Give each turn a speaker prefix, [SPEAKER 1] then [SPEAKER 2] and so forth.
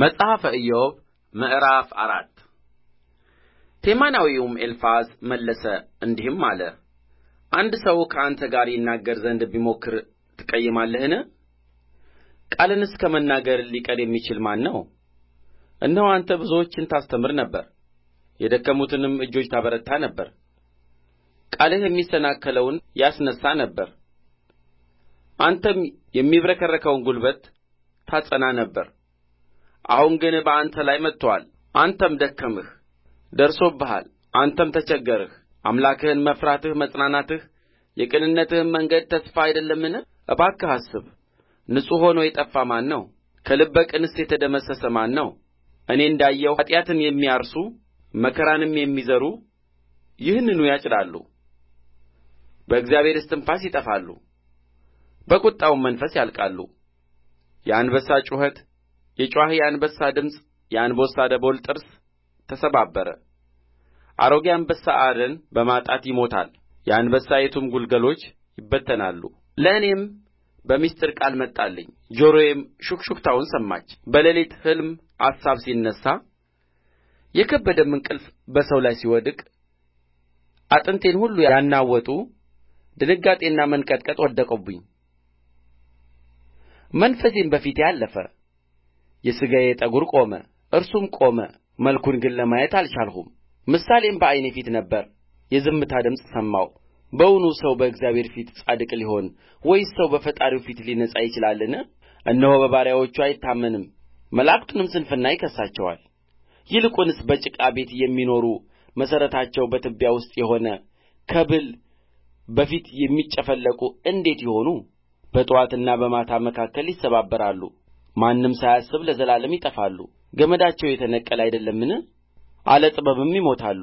[SPEAKER 1] መጽሐፈ ኢዮብ ምዕራፍ አራት ቴማናዊውም ኤልፋዝ መለሰ እንዲህም አለ አንድ ሰው ከአንተ ጋር ይናገር ዘንድ ቢሞክር ትቀይማለህን? ቃልንስ ከመናገር ሊቀር የሚችል ማን ነው? እነሆ አንተ ብዙዎችን ታስተምር ነበር፣ የደከሙትንም እጆች ታበረታ ነበር። ቃልህ የሚሰናከለውን ያስነሣ ነበር፣ አንተም የሚብረከረከውን ጉልበት ታጸና ነበር። አሁን ግን በአንተ ላይ መጥቶአል አንተም ደከምህ ደርሶብሃል አንተም ተቸገርህ አምላክህን መፍራትህ መጽናናትህ የቅንነትህም መንገድ ተስፋ አይደለምን እባክህ አስብ ንጹሕ ሆኖ የጠፋ ማን ነው ከልበ ቅንስ የተደመሰሰ ማን ነው እኔ እንዳየሁ ኀጢአትን የሚያርሱ መከራንም የሚዘሩ ይህንኑ ያጭዳሉ በእግዚአብሔር እስትንፋስ ይጠፋሉ በቍጣውም መንፈስ ያልቃሉ የአንበሳ ጩኸት የጩዋኺ አንበሳ ድምፅ የአንበሳ ደቦል ጥርስ ተሰባበረ አሮጌ አንበሳ አደን በማጣት ይሞታል የአንበሳይቱም ግልገሎች ይበተናሉ ለእኔም በምሥጢር ቃል መጣልኝ ጆሮዬም ሹክሹክታውን ሰማች በሌሊት ሕልም አሳብ ሲነሣ የከበደም እንቅልፍ በሰው ላይ ሲወድቅ አጥንቴን ሁሉ ያናወጡ ድንጋጤና መንቀጥቀጥ ወደቁብኝ መንፈሴም በፊቴ አለፈ የሥጋዬ ጠጕር ቆመ እርሱም ቆመ መልኩን ግን ለማየት አልቻልሁም ምሳሌም በዓይኔ ፊት ነበረ የዝምታ ድምፅ ሰማሁ በውኑ ሰው በእግዚአብሔር ፊት ጻድቅ ሊሆን ወይስ ሰው በፈጣሪው ፊት ሊነጻ ይችላልን እነሆ በባሪያዎቹ አይታመንም መላእክቱንም ስንፍና ይከስሳቸዋል ይልቁንስ በጭቃ ቤት የሚኖሩ መሠረታቸው በትቢያ ውስጥ የሆነ ከብል በፊት የሚጨፈለቁ እንዴት ይሆኑ በጥዋትና በማታ መካከል ይሰባበራሉ ማንም ሳያስብ ለዘላለም ይጠፋሉ ገመዳቸው የተነቀለ አይደለምን አለጥበብም ይሞታሉ